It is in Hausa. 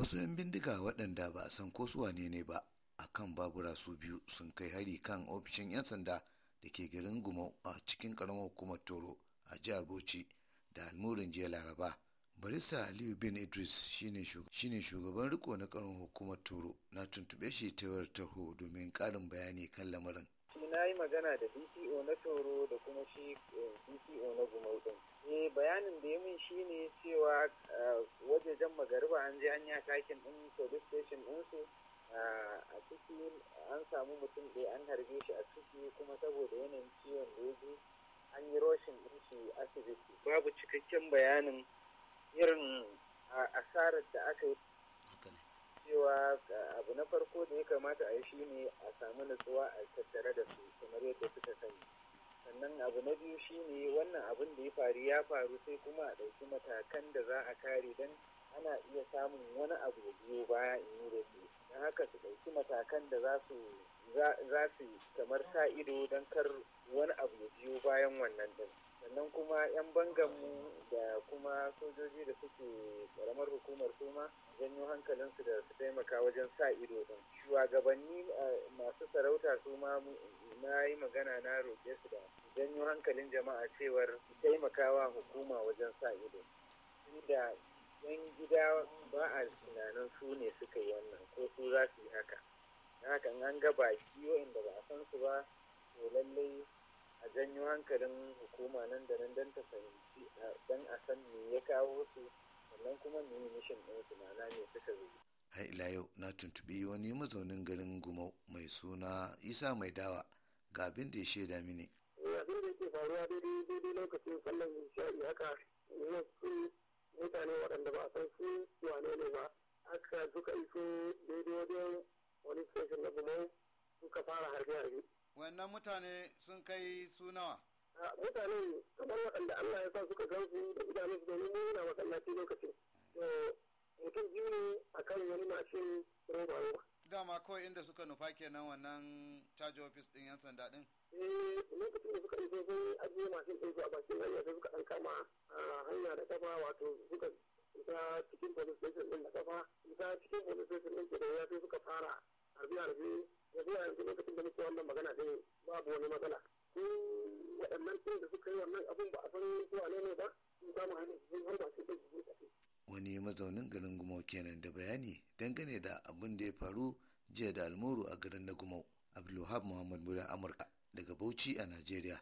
wasu 'yan bindiga waɗanda ba a san ko su wane ne ba a kan babura su biyu sun kai hari kan ofishin 'yan sanda da ke garin gumau a cikin karamar hukumar toro a jihar bauchi da almurin jiya laraba barista aliyu bin idris shine shugaban riko na karamar hukumar toro na tuntube shi ta wayar taho domin karin bayani kan lamarin na yi magana da dco na toro da kuma shi eh, dco na gumau din eh, bayanin da ya min shine an je an ɗin police station ɗinsu a ciki an samu mutum ɗaya an harbe shi a ciki kuma saboda yanayin ciwon da ya ji an yi roshin ɗin shi asibiti babu cikakken bayanin irin asarar da aka yi cewa abu na farko da ya kamata a yi shi ne a samu nutsuwa a tattare da su kamar yadda suka sani sannan abu na biyu shine wannan abin da ya faru ya faru sai kuma a ɗauki matakan da za a kare don ana iya samun wani abu biyu baya in yi da su don haka su ɗauki matakan da za su za su kamar sa ido don kar wani abu ya biyo bayan wannan din sannan kuma 'yan mu da kuma sojoji da suke karamar hukumar kuma janyo hankalinsu da su taimaka wajen sa ido din shugabanni masu sarauta su ma na yi magana na roƙe su da janyo hankalin jama'a cewar taimakawa hukuma wajen sa ido yan gida ba a tunanin su ne suka yi wannan ko su za su yi haka hakan an ga baki wa'inda ba a san su ba to lallai a janyo hankalin hukuma nan da nan don ta fahimci don a san me ya kawo su sannan kuma me mishin ɗin su mana ne suka zo har ila yau na tuntuɓi wani mazaunin garin gumau mai suna isa mai dawa ga abin da ya shaida mini da yake faruwa daidai lokacin haka mutane waɗanda ba san su wane ne ba aka suka iso daidai wajen wani station na bumau suka fara harbe harbe wannan mutane sun kai su nawa mutane kamar waɗanda Allah ya sa suka gan su da idanun su domin mu na masallaci lokacin mutum biyu ne akan wani mashin roba roba dama kawai inda suka nufa kenan wannan charge office din yan sanda din eh lokacin da suka yi zai ajiye masu ɗin zuwa a bakin hanya da suka ɗan kama hanya da kafa wato suka ta cikin police station ɗin da kafa ta cikin police station ɗin da ya sai suka fara harbi-harbi da zuwa yanzu lokacin da muke wannan magana din babu wani matsala ko waɗannan sun da suka yi wannan abun ba a san ko ne ba sun samu hannun har ba su ɗin wani mazaunin garin gumau kenan da bayani dangane da abin da ya faru jiya da almuru a garin na gumau abdulwahab muhammad muda amurka daga bauchi a najeriya